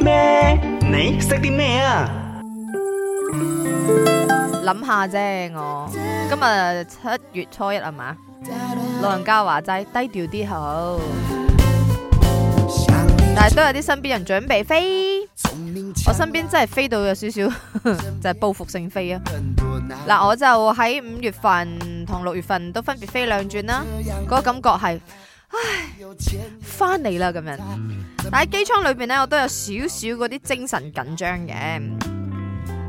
咩？你識啲咩啊？諗下啫，我今日七月初一啊嘛。老人家話齋，低調啲好。但係都有啲身邊人準備飛。我身邊真係飛到有少少，就係報復性飛啊。嗱，我就喺五月份同六月份都分別飛兩轉啦。嗰個感覺係。唉，翻嚟啦咁樣，但係機艙裏邊咧，我都有少少嗰啲精神緊張嘅。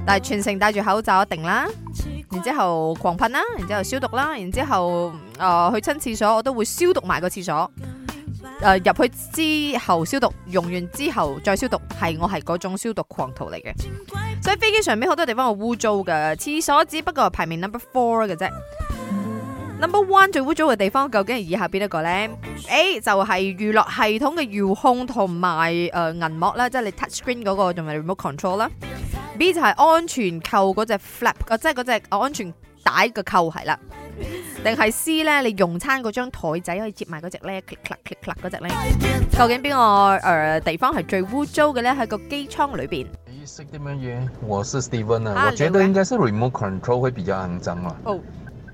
但係全程戴住口罩一定啦，然之後狂噴啦，然之後消毒啦，然之後誒、呃、去親廁所，我都會消毒埋個廁所。誒、呃、入去之後消毒，用完之後再消毒，係我係嗰種消毒狂徒嚟嘅。所以飛機上面好多地方係污糟㗎，廁所只不過排名 number four 嘅啫。Number one 最污糟嘅地方究竟係以下邊一個咧？A 就係娛樂系統嘅遙控同埋誒銀幕啦，即係你 touchscreen 嗰、那個仲係 remote control 啦。B 就係安全扣嗰隻 flap，即係嗰隻安全帶嘅扣係啦。定 係 C 咧？你用餐嗰張台仔可以接埋嗰隻呢咧，click click click 嗰隻咧？究竟邊個誒、呃、地方係最污糟嘅咧？喺個機艙裏邊。你識啲乜嘢？我是 Steven 啊，啊，我覺得應該是 remote control 會比較骯髒啊。Oh.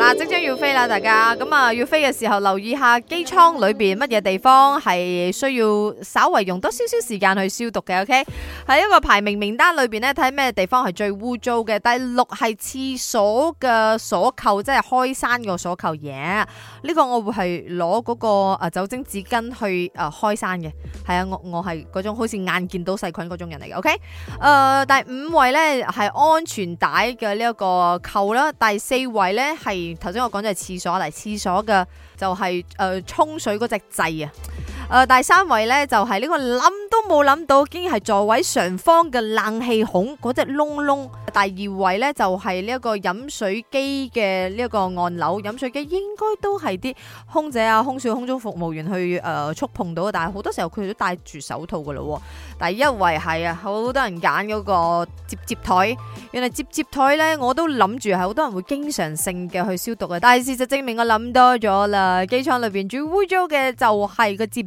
嗱，即將要飛啦，大家咁啊，要飛嘅時候留意下機艙裏邊乜嘢地方係需要稍微用多少少時間去消毒嘅。OK，喺一個排名名單裏邊咧，睇咩地方係最污糟嘅。第六係廁所嘅鎖扣，即係開山個鎖扣嘢，呢個我會係攞嗰個啊酒精紙巾去誒、開山嘅。係啊，我我係嗰種好似眼見到細菌嗰種人嚟嘅。OK，誒，第五位咧係安全帶嘅呢一個扣啦，第四位咧係。頭先我講就係廁所嚟，廁所嘅就係、是、誒、呃、沖水嗰隻掣啊。誒、呃，第三位呢，就係、是、呢個諗都冇諗到，竟然係座位上方嘅冷氣孔嗰隻窿窿。第二位呢，就係呢一個飲水機嘅呢一個按鈕，飲水機應該都係啲空姐啊、空少、空中服務員去誒觸、呃、碰到的，但係好多時候佢都戴住手套噶啦。第一位係啊，好多人揀嗰個接接台，原來接接台呢，我都諗住係好多人會經常性嘅去消毒嘅，但係事實證明我諗多咗啦。機艙裏邊最污糟嘅就係個接。